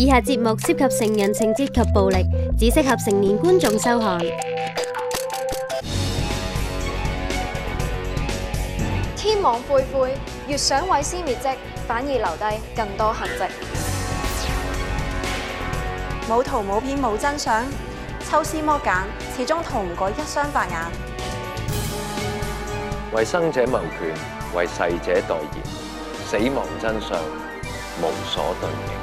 以下節目涉及成人情節及暴力，只適合成年觀眾收看。天網恢恢，越想毀屍滅跡，反而留低更多痕跡。冇圖冇片冇真相，抽絲剝繭，始終逃唔過一雙白眼。為生者謀權，為逝者代言，死亡真相無所遁形。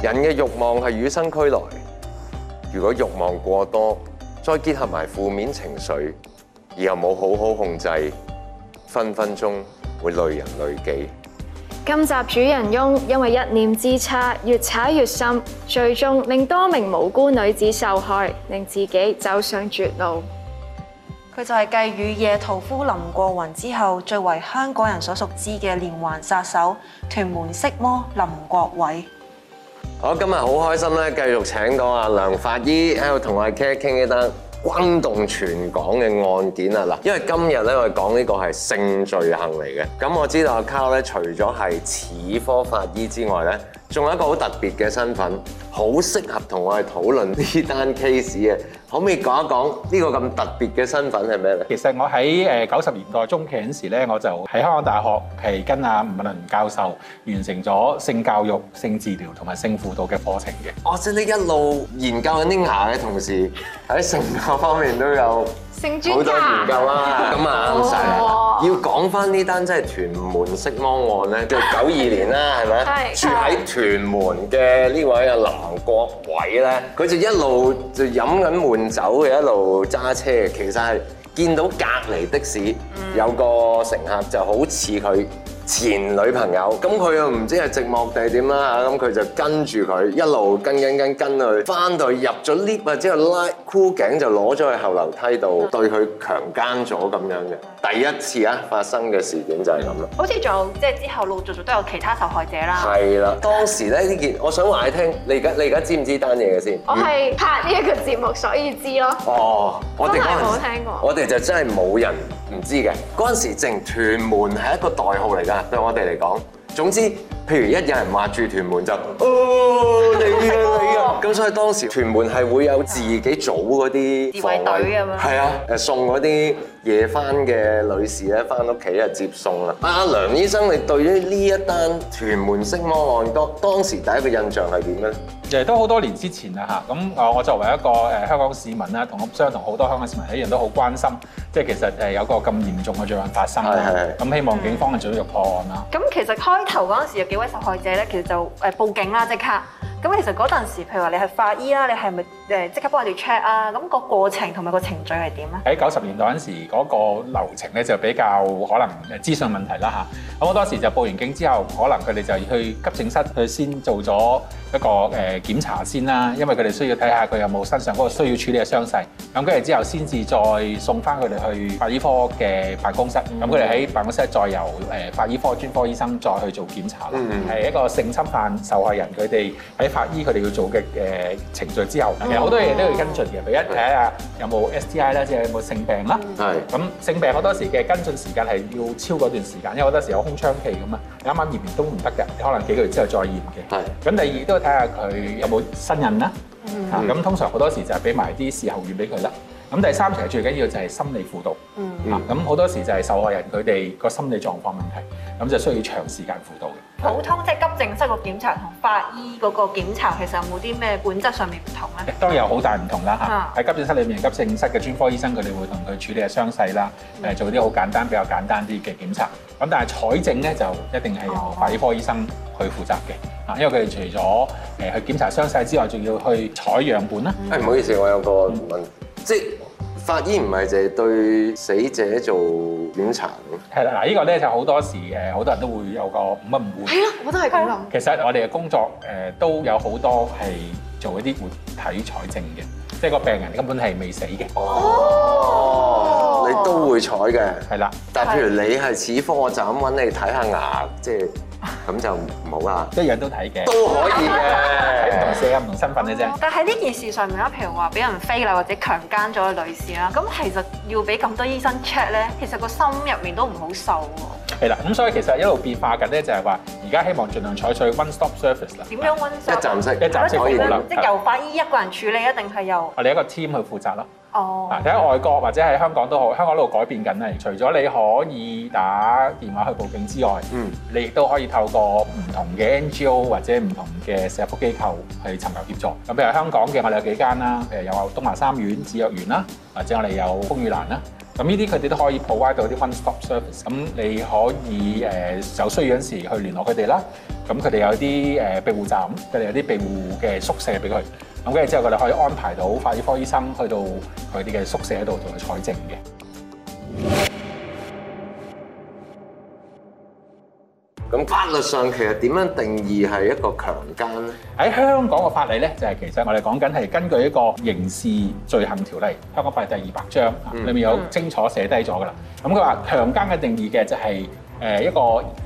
人嘅欲望係與生俱來，如果欲望過多，再結合埋負面情緒，而又冇好好控制，分分鐘會累人累己。今集主人翁因為一念之差，越踩越深，最終令多名無辜女子受害，令自己走上絕路。佢就係繼《雨夜屠夫》林過雲之後，最為香港人所熟知嘅連環殺手——屯門色魔林國偉。我今日好開心咧，繼續請到阿梁法醫喺度同我哋傾一傾呢單轟動全港嘅案件啊！嗱，因為今日咧我哋講呢個係性罪行嚟嘅，咁我知道阿卡咧除咗係齒科法醫之外咧，仲有一個好特別嘅身份，好適合同我哋討論呢單 case 嘅。可唔可以講一講呢個咁特別嘅身份係咩咧？其實我喺誒九十年代中期嗰陣時咧，我就喺香港大學係跟阿吳文麟教授完成咗性教育、性治療同埋性輔導嘅課程嘅。我即係一路研究緊啲牙嘅同時，喺性教方面都有好多研究啦，咁啊啱晒。 哦、要講翻呢單真係屯門色魔案咧，就九、是、二年啦，係咪 吧？住喺屯門嘅呢位阿林國偉咧，佢就一路就飲緊悶酒嘅，一路揸車，其實係見到隔離的士有個乘客就好似佢前女朋友，咁佢又唔知係寂寞定點啦嚇，咁佢就跟住佢一路跟跟跟跟佢去，翻到入咗 lift 或者後拉箍頸就攞咗去後樓梯度對佢強姦咗咁樣嘅，第一次啊發生嘅事件就係咁啦。好似仲即係之後陸續續都有其他受害者啦。係啦，當時咧呢件，我想話你聽，你而家你而家知唔知單嘢嘅先？我係拍呢一個節目，所以知咯。哦，我哋冇聽過我哋就真係冇人唔知嘅，嗰陣時淨屯門係一個代號嚟㗎。對我哋嚟講，總之。譬如一有人話住屯門就，哦，你啊你啊，咁 所以當時屯門係會有自己組嗰啲自衛隊咁樣，係啊，誒送嗰啲夜翻嘅女士咧翻屋企啊接送啦。阿梁醫生，你對於呢一單屯門色魔案當當時第一個印象係點咧？其實都好多年之前啦吓，咁啊我作為一個誒香港市民啦，同相同好多香港市民一樣都好關心，即係其實誒有個咁嚴重嘅罪案發生啦，咁希望警方嘅早日破案啦。咁其實開頭嗰陣時位受害者咧，其實就誒報警啦，即刻。咁其實嗰陣時，譬如話你係法醫啦，你係咪誒即刻幫我哋 check 啊？咁個過程同埋個程序係點咧？喺九十年代嗰陣時，嗰個流程咧就比較可能資訊問題啦嚇。咁我當時就報完警之後，可能佢哋就去急症室，去先做咗。一個誒檢查先啦，因為佢哋需要睇下佢有冇身上嗰個需要處理嘅傷勢。咁跟住之後，先至再送翻佢哋去法醫科嘅辦公室。咁佢哋喺辦公室再由誒法醫科專科醫生再去做檢查啦。係一個性侵犯受害人，佢哋喺法醫佢哋要做嘅誒程序之後，好多嘢都要跟進嘅。譬如一睇下有冇 STI 啦，即係有冇性病啦。係咁，性病好多時嘅跟進時間係要超過一段時間，因為好多時有空窗期咁啊。啱啱驗完都唔得嘅，可能幾個月之後再驗嘅。係的，咁第二都要睇下佢有冇信任啦。嚇、嗯、咁、啊、通常好多時就係俾埋啲事後驗俾佢啦。咁第三條最緊要就係心理輔導，啊、嗯，咁好多時就係受害人佢哋個心理狀況問題，咁就需要長時間輔導嘅。普通即係急症室個檢查同法醫嗰個檢查其實有冇啲咩本質上面唔同咧？當然有好大唔同啦嚇！喺、嗯、急症室裏面，急症室嘅專科醫生佢哋會同佢處理嘅傷勢啦，誒做啲好簡單比較簡單啲嘅檢查。咁但係採證咧就一定係由法醫科醫生去負責嘅，啊，因為佢哋除咗誒去檢查傷勢之外，仲要去採樣本啦。誒唔、嗯、好意思，我有個即法醫唔係就係對死者做檢查咯，係啦，嗱，依個咧就好多時誒，好多人都會有個乜唔會，係咯，我都係咁諗。其實我哋嘅工作誒、呃、都有好多係做一啲活體採證嘅，即係個病人根本係未死嘅，哦，哦哦你都會採嘅，係啦了。但譬如你係齒科，我就咁揾你睇下牙，即係。咁就唔好啦，一樣都睇嘅都可以嘅，唔同聲同身份嘅啫。但喺呢件事上面啦，譬如話俾人非禮啦，或者強姦咗嘅女士啦，咁其實要俾咁多醫生 check 咧，其實個心入面都唔好受喎。係啦，咁所以其實一路變化緊咧，就係話而家希望儘量採取 one stop service 啦。點樣 one stop？一站式，一站式服務啦。即由法醫一個人處理，一定係由？我哋一個 team 去負責啦。嗱，睇下、哦、外國或者喺香港都好，香港一路改變緊咧。除咗你可以打電話去報警之外，嗯，你亦都可以透過唔同嘅 NGO 或者唔同嘅社福機構去尋求協助。咁譬、嗯、如香港嘅我哋有幾間啦，誒有東華三院、芷若園啦，或者我哋有風雨蘭啦。咁呢啲佢哋都可以 provide 到啲 one stop service。咁你可以誒、呃、有需要嗰陣時去聯絡佢哋啦。咁佢哋有啲誒、呃、庇護站，佢哋有啲庇護嘅宿舍俾佢。咁跟住之後，佢哋可以安排到法醫科醫生去到佢哋嘅宿舍度同佢採證嘅。咁法律上其實點樣定義係一個強姦咧？喺香港嘅法例咧，就係其實我哋講緊係根據一個刑事罪行條例，香港法例第二百章，裏面有清楚寫低咗噶啦。咁佢話強姦嘅定義嘅就係，誒一個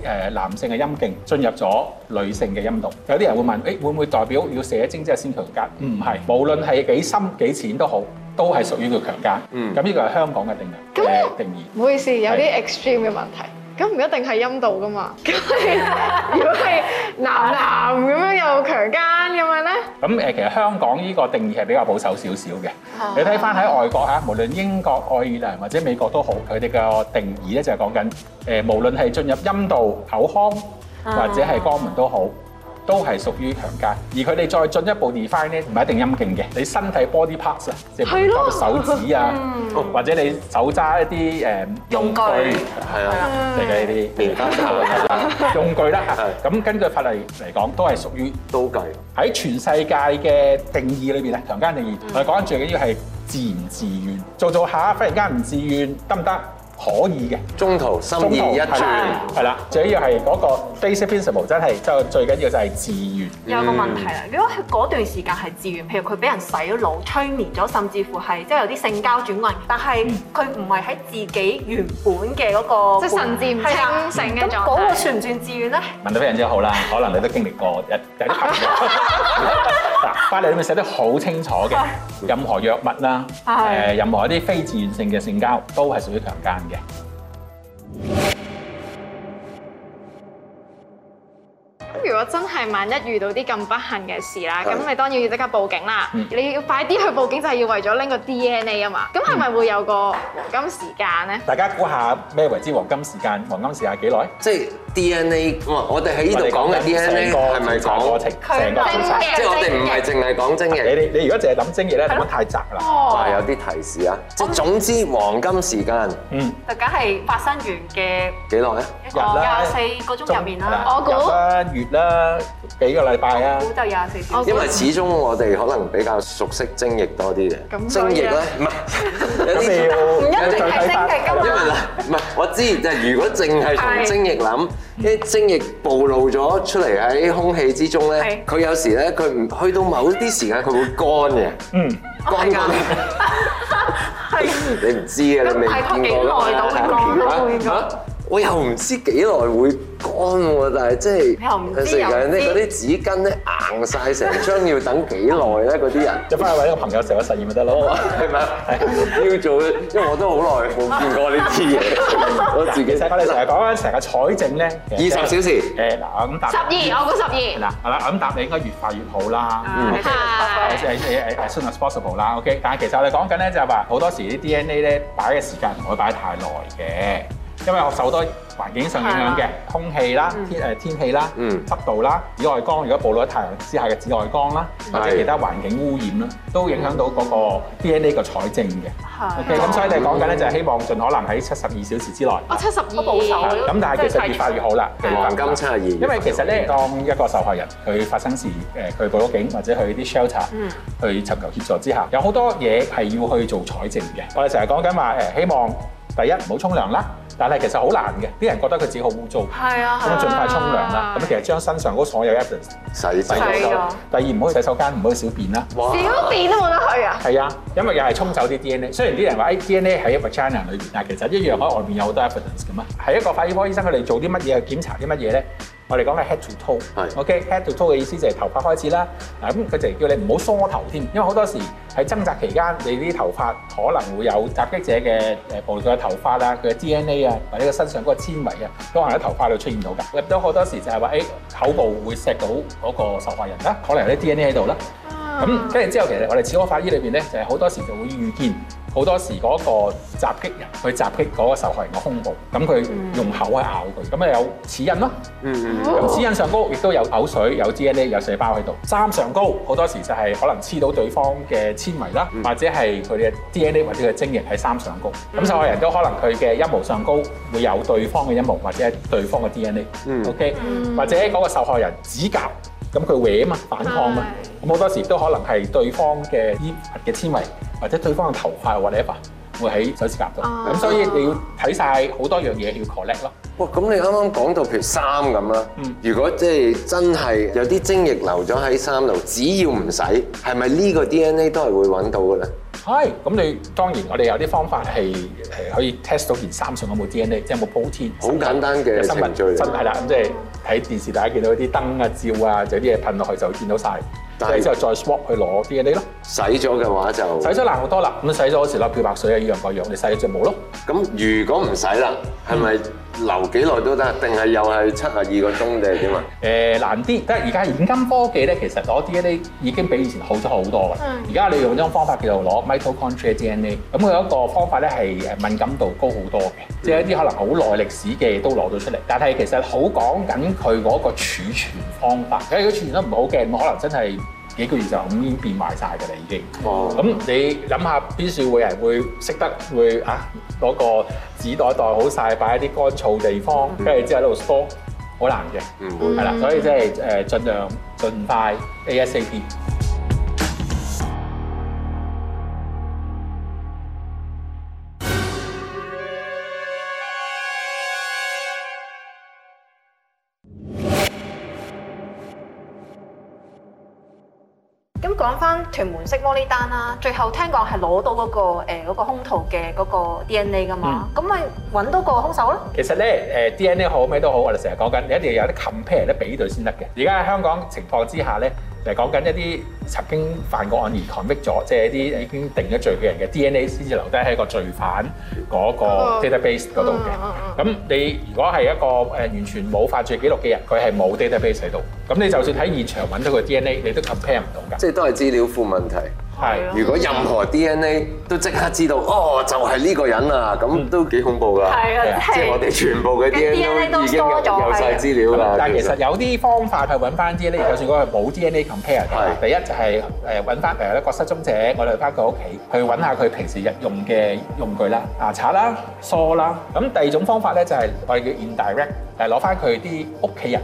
誒男性嘅陰莖進入咗女性嘅陰道，有啲人會問：誒、欸、會唔會代表要射精之後先強姦？唔、嗯、係，無論係幾深幾淺都好，都係屬於叫強姦。嗯，咁呢個係香港嘅定義定義。唔、嗯呃、好意思，有啲 extreme 嘅是問題。咁唔一定係陰道㗎嘛，如果係男男咁樣又強姦咁樣咧？咁誒，其實香港呢個定義係比較保守少少嘅。你睇返喺外國吓，無論英國、愛爾蘭或者美國都好，佢哋嘅定義咧就係講緊誒，無論係進入陰道、口腔或者係肛門都好。都係屬於強姦，而佢哋再進一步 define 咧，唔係一定陰莖嘅，你身體 body parts 啊，即係譬如手指啊，或者你手揸一啲誒用具，係啊，即係呢啲 define 下用具啦嚇。咁根據法例嚟講，都係屬於刀具。喺全世界嘅定義裏邊咧，強姦定義，我哋講緊最緊要係自唔自願，做做下忽然間唔自願得唔得？可以嘅，中途心亂一團，係啦。最緊要係嗰個 basic principle，真係，就最緊要就係自願。有個問題啦，如果佢嗰段時間係自願，譬如佢俾人洗腦、催眠咗，甚至乎係即係有啲性交轉運，但係佢唔係喺自己原本嘅嗰個，即係甚至唔清醒嘅狀態。咁嗰個算唔算自願咧？問到非常之好啦，可能你都經歷過一有啲朋友。嗱，法例 裏面寫得好清楚嘅，任何藥物啦，誒、呃，任何一啲非自願性嘅性交都係屬於強奸嘅。真係萬一遇到啲咁不幸嘅事啦，咁咪當然要即刻報警啦。你要快啲去報警，就係要為咗拎個 DNA 啊嘛。咁係咪會有個黃金時間咧？大家估下咩為之黃金時間？黃金時間幾耐？即係 DNA。我哋喺呢度講嘅 DNA 係咪講成個過程？即係我哋唔係淨係講精液。你你你如果淨係諗精液咧，太窄啦。係有啲提示啊。總之黃金時間，嗯，就梗係發生完嘅幾耐咧？一個廿四個鐘入面啦。我估月啦。呃，幾個禮拜啊？就廿四小時。因為始終我哋可能比較熟悉精液多啲嘅，精液咧，唔係，有啲唔一定係精係咁。因為啦，唔係，我知，就如果淨係同精液諗，啲精液暴露咗出嚟喺空氣之中咧，佢有時咧，佢唔去到某啲時間，佢會乾嘅。嗯，乾乾。係啊。你唔知嘅，你未唔瞭解。係，乾乾。啊？我又唔知幾耐會乾喎，但係即係佢成日咧嗰啲紙巾咧硬晒成張，要等幾耐咧？嗰啲人就翻去揾個朋友成個實驗咪得咯？係咪啊？係要做，因為我都好耐冇見過呢啲嘢。我自己成日講你成日講緊成日採證咧，二十小時。誒嗱咁答。十二，我估十二。係啦，係啦，咁答你應該越快越好啦。係。OK，as soon as possible 啦。OK，但係其實我哋講緊咧就係話，好多時啲 DNA 咧擺嘅時間唔會擺太耐嘅。因為我受多環境上影響嘅空氣啦、嗯、天誒天氣啦、濕度啦、紫外光，如果暴露喺太陽之下嘅紫外光啦，嗯、或者其他環境污染啦，都影響到嗰個 DNA 個採證嘅。係、嗯。O K，咁所以你哋講緊咧，就係希望盡可能喺七十二小時之內。哦，七十二。保守啦。咁但係其實越快越好啦。哦。因為其實咧，當一個受害人佢發生事誒，佢報咗警或者佢啲 shelter，去尋求協助之下，有好多嘢係要去做採證嘅。我哋成日講緊話誒，希望。第一唔好沖涼啦，但係其實好難嘅。啲人覺得佢自己好污糟，咁啊盡快沖涼啦。咁、啊、其實將身上所有 evidence 洗洗澡咗手。的第二唔好去洗手間，唔好去小便啦。哇小便都冇得去啊？係啊，因為又係沖走啲 DNA。雖然啲人話 A DNA 喺 Vagina 裏邊，但係其實一樣喺外面有好多 evidence 㗎嘛。係一個法醫科醫生，佢哋做啲乜嘢去檢查啲乜嘢咧？我哋講係 head to toe 的。OK，head okay? to toe 嘅意思就係頭髮開始啦。嗱咁佢就叫你唔好梳頭添，因為好多時喺掙扎期間，你啲頭髮可能會有襲擊者嘅暴頭上嘅頭髮啦、佢嘅 DNA 啊，或者個身上嗰個纖維嘅，都可能喺頭髮裏，出現到㗎，入咗好多時就係話，誒、哎、口部會錫到嗰個受害人啦，可能有啲 DNA 喺度啦，咁跟住之後其實我哋齒科法醫裏邊咧，就係、是、好多時就會遇見。好多時嗰個襲擊人去襲擊嗰個受害人嘅胸部，咁佢用口去咬佢，咁啊有齒印咯。咁齒、嗯嗯嗯、印上高亦、嗯、都有口水、有 DNA、有細胞喺度。衫上高好多時就係可能黐到對方嘅纖維啦，嗯、或者係佢嘅 DNA 或者佢精液喺衫上高。咁、嗯、受害人都可能佢嘅陰毛上高會有對方嘅陰毛，或者對方嘅 DNA。OK，或者嗰個受害人指甲咁佢搲啊嘛，反抗嘛，咁好是多時都可能係對方嘅衣物嘅纖維。或者對方嘅頭髮或者乜，會喺手指甲度，咁、啊、所以你要睇晒好多樣嘢，要 collect 咯。哇，咁你啱啱講到譬如衫咁啦，如果即係真係有啲精液留流咗喺衫度，只要唔使，係咪呢個 DNA 都係會揾到嘅咧？係，咁你當然我哋有啲方法係係可以 test 到件衫上有冇 DNA，即係有冇 protein。好簡單嘅生物最係啦，即係睇電視大家見到啲燈啊、照啊，就啲嘢噴落去就見到晒。然之後再去 swab 去攞 DNA 咯，洗咗嘅話就洗咗難好多啦。咁洗咗嗰時攞漂白水啊，樣個樣，你洗咗就冇咯。咁、嗯、如果唔洗啦，係咪？嗯留幾耐都得，定係又係七十二個鐘定係點啊？誒難啲，但係而家現今科技咧，其實攞 DNA 已經比以前好咗好多嘅。而家的你用張方法叫做攞 mitochondrial DNA，咁、嗯、佢有一個方法咧係誒敏感度高好多嘅，嗯、即係一啲可能好耐歷史嘅都攞到出嚟。但係其實好講緊佢嗰個儲存方法，因為佢儲存得唔好嘅，我可能真係。幾個月就已經變壞晒㗎啦，已經。哦，咁你諗下邊啲會人會識得會啊？攞個紙袋袋好晒，擺喺啲乾燥地方，跟住之後喺度 store 好難嘅。嗯，係啦、嗯，所以即係誒，盡量盡快 ASAP。AS 咁講翻屯門色魔的單啦，最後聽講係攞到嗰個誒嗰個兇徒嘅嗰個 DNA 噶嘛，咁咪揾到個兇手咯。其實咧誒 DNA 好咩都好，我哋成日講緊，你一定要有啲 compare，啲比對先得嘅。而家喺香港情況之下咧。誒講緊一啲曾經犯過案而 convict 咗，即係一啲已經定咗罪嘅人嘅 DNA 先至留低喺個罪犯嗰個 database 嗰度嘅。咁你如果係一個誒完全冇犯罪記錄嘅人，佢係冇 database 喺度。咁你就算喺現場揾到個 DNA，你都 compare 唔到㗎。即係都係資料庫問題。係，如果任何 DNA 都即刻知道，的哦，就係、是、呢個人啊，咁都幾恐怖㗎。係啊的，即係我哋全部嘅 DNA 都已經有晒資料啦。但係其實有啲方法去揾翻 DNA，就算嗰個冇 DNA compare。的第一就係誒揾翻誒一個失蹤者，我哋去翻佢屋企，去揾下佢平時日用嘅用具啦，牙、啊、刷啦、梳啦。咁第二種方法咧就係、是、我哋叫 indirect，誒攞翻佢啲屋企人，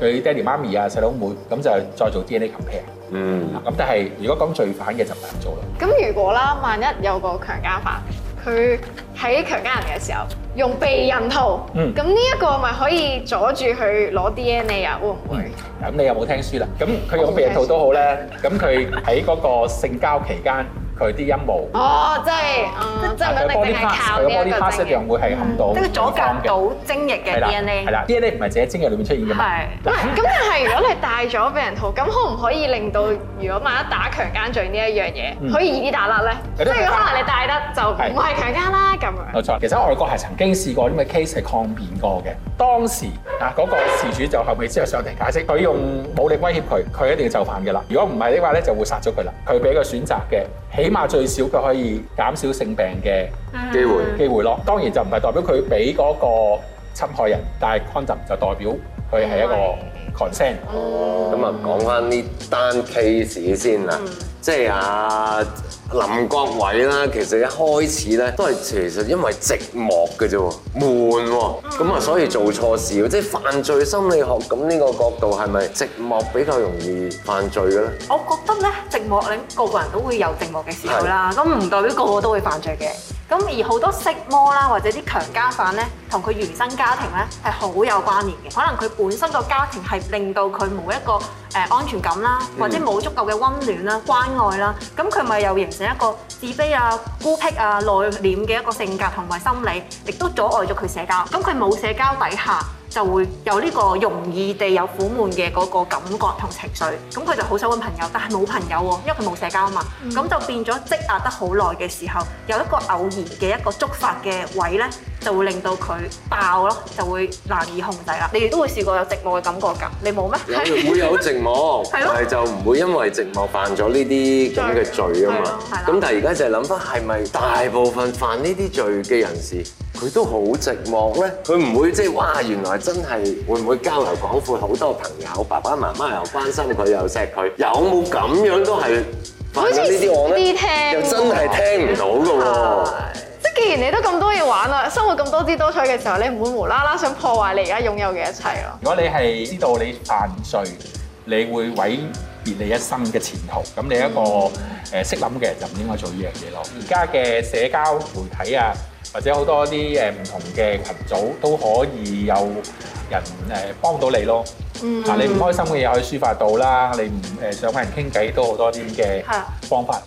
佢、嗯、爹哋媽咪啊、細佬妹、妹，咁就再做 DNA compare。嗯，咁但係如果講罪犯嘅就唔難做啦。咁如果啦，萬一有個強姦犯，佢喺強姦人嘅時候用避孕套，咁呢一個咪可以阻住佢攞 DNA 啊？會唔會，咁你有冇聽書啦？咁佢用避孕套都好咧，咁佢喺嗰個性交期間。佢啲陰毛哦，即係，即係咁樣定係靠啲 passive 嘅會係冚到，阻隔到精液嘅 DNA，係啦，DNA 唔係自己精液裏面出現嘅，係。唔係，咁但係如果你戴咗避孕套，咁可唔可以令到如果萬一打強姦罪呢一樣嘢可以易啲打甩咧？即係如果可能你戴得就唔係強姦啦咁樣。冇錯，其實外國係曾經試過啲咁嘅 case 係抗辯過嘅。當時啊，嗰個事主就係後尾之後上庭解釋，佢用武力威脅佢，佢一定要就範嘅啦。如果唔係嘅話咧，就會殺咗佢啦。佢俾個選擇嘅。起碼最少佢可以減少性病嘅機會、嗯、機會咯，當然就唔係代表佢俾嗰個侵害人，但係 condom 就代表佢係一個 consent、嗯。咁、哦嗯嗯、啊，講翻呢單 case 先啦，即係啊。林國偉啦，其實一開始咧都係其實因為寂寞嘅啫，悶喎、啊，咁啊、嗯、所以做錯事，即係犯罪心理學，咁呢個角度係咪寂寞比較容易犯罪嘅咧？我覺得咧寂寞，你個個人都會有寂寞嘅時候啦，咁唔是代表個個都會犯罪嘅。咁而好多色魔啦，或者啲強姦犯咧，同佢原生家庭咧係好有關聯嘅。可能佢本身個家庭係令到佢冇一個誒安全感啦，或者冇足夠嘅温暖啦、關愛啦。咁佢咪又形成一個自卑啊、孤僻啊、內斂嘅一個性格同埋心理，亦都阻礙咗佢社交。咁佢冇社交底下，就會有呢個容易地有苦悶嘅嗰個感覺同情緒，咁佢就好想搵朋友，但係冇朋友喎，因為佢冇社交啊嘛，咁、嗯、就變咗積壓得好耐嘅時候，有一個偶然嘅一個觸發嘅位咧，就會令到佢爆咯，就會難以控制啦。你哋都會試過有寂寞嘅感覺㗎，你冇咩？有會有，有，有寂寞，但係 是的 就唔會因為寂寞犯咗呢啲咁嘅罪啊嘛。咁但係而家就諗翻，係咪大部分犯呢啲罪嘅人士？佢都好寂寞咧，佢唔會即係哇！原來真係會唔會交流廣闊好多朋友，爸爸媽媽又關心佢又錫佢，有冇咁樣都係發生呢啲案咧？又真係聽唔到嘅喎！即係既然你都咁多嘢玩啦，生活咁多姿多彩嘅時候咧，你唔會無啦啦想破壞你而家擁有嘅一切咯。如果你係知道你犯罪，你會毀別你一生嘅前途，咁你一個誒識諗嘅人就唔應該做呢樣嘢咯。而家嘅社交媒體啊～或者好多啲誒唔同嘅群組都可以有人誒幫到你咯。嗱，Mm-hmm. 你唔開心嘅嘢可以抒發到啦，你唔誒想同人傾偈都好多啲嘅方法。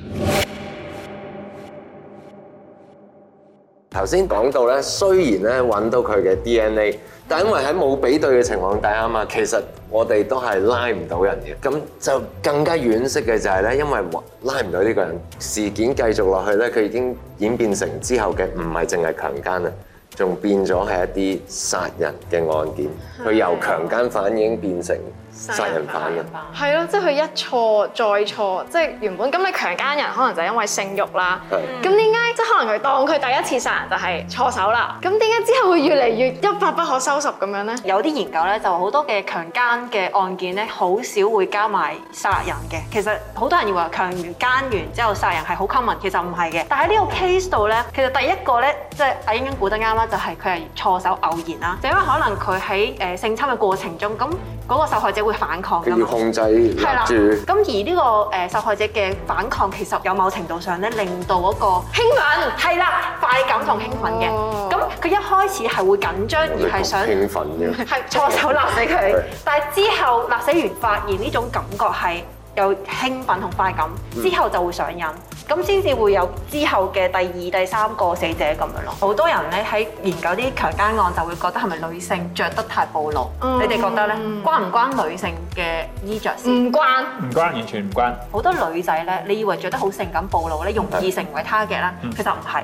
Mm-hmm. 頭先講到咧，雖然咧揾到佢嘅 DNA，但因為喺冇比對嘅情況底下嘛，其實我哋都係拉唔到人嘅。咁就更加惋惜嘅就係、是、咧，因為拉唔到呢個人，事件繼續落去咧，佢已經演變成之後嘅唔係淨係強姦啊，仲變咗係一啲殺人嘅案件，佢的由強姦反應變成。殺人啦，係咯，即係佢一錯再錯，即係原本咁你強姦人可能就因為性慾啦，咁點解即係可能佢當佢第一次殺人就係錯手啦？咁點解之後會越嚟越一發不可收拾咁樣咧？有啲研究咧就好多嘅強姦嘅案件咧，好少會加埋殺人嘅。其實好多人以為強完姦完之後殺人係好 common，其實唔係嘅。但係呢個 case 度咧，其實第一個咧即係阿英英估得啱啦，就係佢係錯手偶然啦，就因為可能佢喺誒性侵嘅過程中，咁嗰個受害者。會反抗㗎嘛？要控制住，係啦，咁而呢個誒受害者嘅反抗其實有某程度上咧，令到一個興奮，係啦了，快感同興奮嘅。咁佢、哦、一開始係會緊張，哦、而係想興奮嘅，係 錯手勒死佢。對但係之後勒死完，發現呢種感覺係有興奮同快感，嗯、之後就會上癮。咁先至會有之後嘅第二、第三個死者咁樣咯。好多人咧喺研究啲強姦案，就會覺得係咪女性着得太暴露？嗯、你哋覺得呢？關唔關女性嘅衣著先？唔關，唔關，完全唔關。好多女仔呢，你以為着得好性感、暴露咧，容易成為 target 啦，嗯、其實唔係。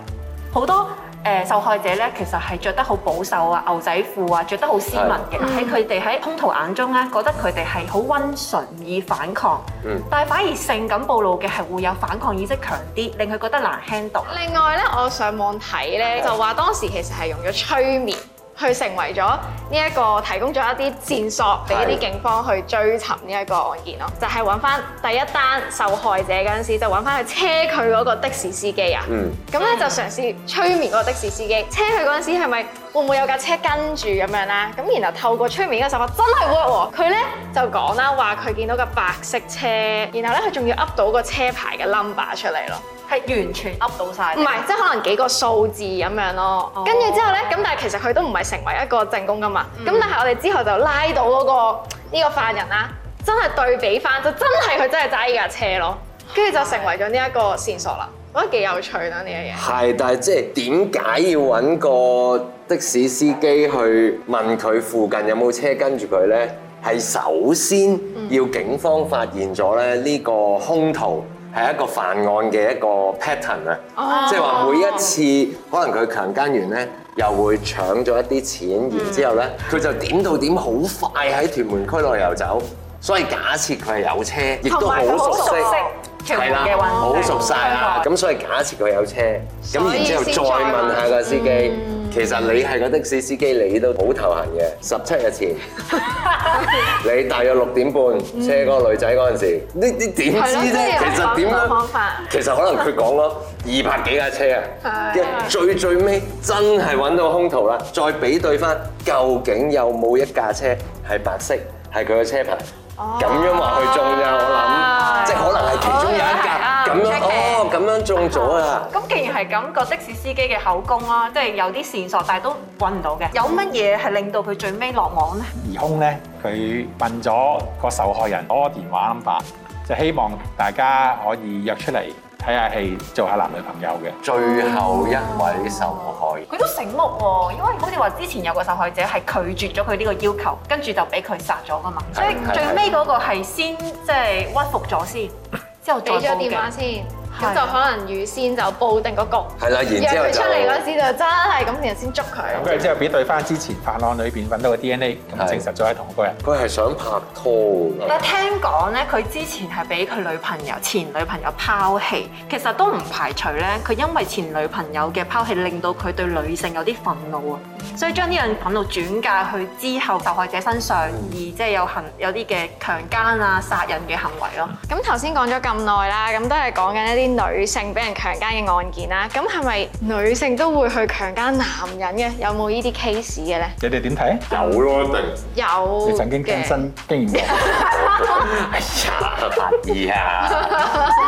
好多。誒受害者咧，其實係着得好保守啊，牛仔褲啊，着得好斯文嘅。喺佢哋喺兇徒眼中咧，覺得佢哋係好溫順唔易反抗。嗯。對 但係反而性感暴露嘅係會有反抗意識強啲，令佢覺得難 handle。另外咧，我上網睇咧，對 就話當時其實係用咗催眠。去成為咗呢一個提供咗一啲線索俾一啲警方去追尋呢一個案件咯，的就係揾翻第一單受害者嗰陣時，就揾翻去車佢嗰個的士司機啊。嗯。咁咧就嘗試催眠個的士司機，車佢嗰陣時係咪會唔會有架車跟住咁樣咧？咁然後透過催眠嘅手法真係 work 喎，佢咧就講啦，話佢見到個白色車，然後咧佢仲要噏到個車牌嘅 number 出嚟咯。完全噏到晒，唔係即係可能幾個數字咁樣咯。跟住、哦、之後咧，咁但係其實佢都唔係成為一個證供噶嘛。咁、嗯、但係我哋之後就拉到嗰、那個呢、嗯、個犯人啦，真係對比返，就真係佢真係揸呢架車咯。跟住就成為咗呢一個線索啦。嗯、我覺得幾有趣啦呢一嘢係，但係即係點解要搵個的士司機去問佢附近有冇車跟住佢咧？係首先要警方發現咗咧呢個兇徒。係一個犯案嘅一個 pattern 啊，oh, 即係話每一次 oh, oh, oh. 可能佢強姦完咧，又會搶咗一啲錢，mm hmm. 然之後咧佢就點到點好快喺屯門區內遊走，所以假設佢係有車，mm hmm. 亦都好熟悉，係啦，好熟悉啊，咁所以假設佢有車，咁然之後，後再問下個司機。其實你係個的士司機，機，你都好頭痕嘅。十七日前， 你大約六點半車個女仔嗰陣時，你你點知啫？其實點樣講法，其實可能佢講咯，二百幾架車啊， 最最尾真係揾到兇徒啦，再比對翻究竟有冇一架車係白色，係佢個車牌。咁樣話去中㗎，我諗即係可能係其中有一格咁樣，哦，咁樣中咗啦。咁既然係咁，個的士司機嘅口供啦，即係有啲線索，但係都揾唔到嘅。有乜嘢係令到佢最尾落網咧？疑兇咧，佢問咗個受害人攞電話 number，就希望大家可以約出嚟。睇下係做下男女朋友嘅，最後一位受害佢都醒目喎，因為好似話之前有個受害者係拒絕咗佢呢個要求，跟住就俾佢殺咗噶嘛。對所以最尾嗰個係先即係屈服咗先，之後打咗電話先。咁就可能預先就布定個局，係啦，然之後佢出嚟嗰時就，就真係咁先先捉佢。咁跟住之後比對返之前犯案裏邊揾到嘅 DNA，咁證實咗係同一個人。佢係想拍拖。但係聽講咧，佢之前係俾佢女朋友、前女朋友拋棄，其實都唔排除咧，佢因為前女朋友嘅拋棄令到佢對女性有啲憤怒啊，所以將呢樣憤怒轉嫁去之後受害者身上，而、嗯、即係有行有啲嘅強姦啊、殺人嘅行為咯。咁頭先講咗咁耐啦，咁都係講緊一啲。女性俾人強姦嘅案件啦，咁係咪女性都會去強姦男人嘅？有冇呢啲 case 嘅咧？你哋點睇？有咯，一定有。你曾經親身經驗嘅？哎呀，嚇啲啊！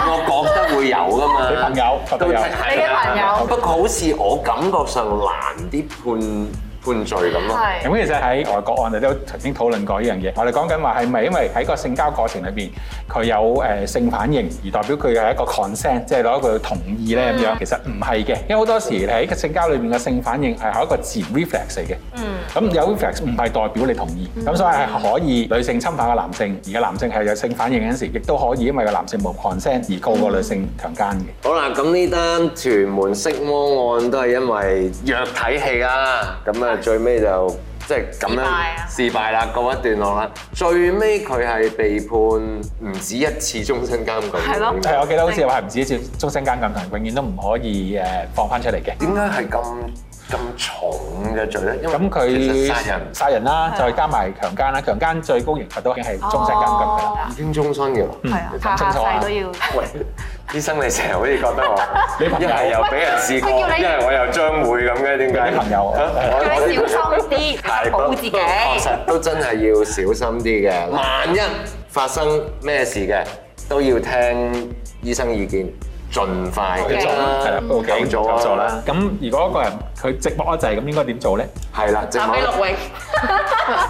我覺得會有噶嘛，女朋友都有，你嘅朋友。朋友不過好似我感覺上難啲判判罪咁咯，咁其實喺外國案例都曾經討論過呢樣嘢。我哋講緊話係咪因為喺個性交過程裏邊，佢有誒性反應而代表佢係一個 consent，即係攞一句同意咧咁樣？其實唔係嘅，因為好多時喺個性交裏邊嘅性反應係係一個自然 reflex 嚟嘅。嗯。咁有 reflex 唔係代表你同意，咁所以係可以女性侵犯嘅男性而個男性係有性反應嗰陣時，亦都可以因為個男性冇 consent 而告個女性強姦嘅。好啦，咁呢單屯門色魔案都係因為藥體器啦，咁啊。最尾就即係咁樣、啊、事敗啦，告一段落啦。最尾佢係被判唔止一次終身監禁，係對吧 我記得好似話係唔止一次終身監禁，同永遠都唔可以誒放翻出嚟嘅。點解係咁？咁重嘅罪咧，因為殺人、殺人啦，再加埋強姦啦，強姦最高刑罰都已經係終身監禁嘅，已經終身嘅喎。係啊，終身都要。喂，醫生，你成日好似覺得我，一係又俾人試過，一係我又將會咁嘅，點解？啲朋友啊，我我我小心啲，保護自己，確實都真係要小心啲嘅。萬一發生咩事嘅，都要聽醫生意見。盡快做啦，緊做啦！咁如果一個人佢寂寞啊，就係咁，應該點做咧？係啦，站喺陸永。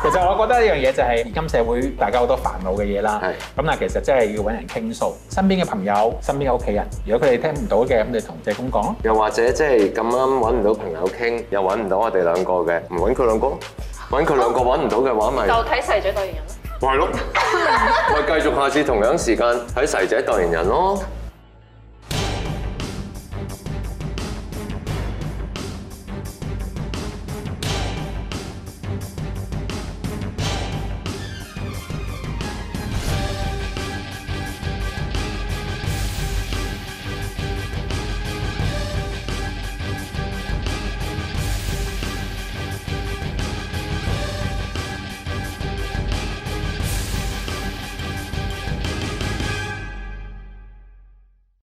其實我覺得一樣嘢就係而今社會，大家好多煩惱嘅嘢啦。係。咁但係其實真係要揾人傾訴，身邊嘅朋友、身邊嘅屋企人。如果佢哋聽唔到嘅，咁你同謝公講咯。又或者即係咁啱揾唔到朋友傾，又揾唔到我哋兩個嘅，唔揾佢兩個咯。揾佢兩個揾唔到嘅話，咪就睇《逝者代言人》咯。咪係咯，我哋繼續下次同樣時間睇《逝者代言人》咯。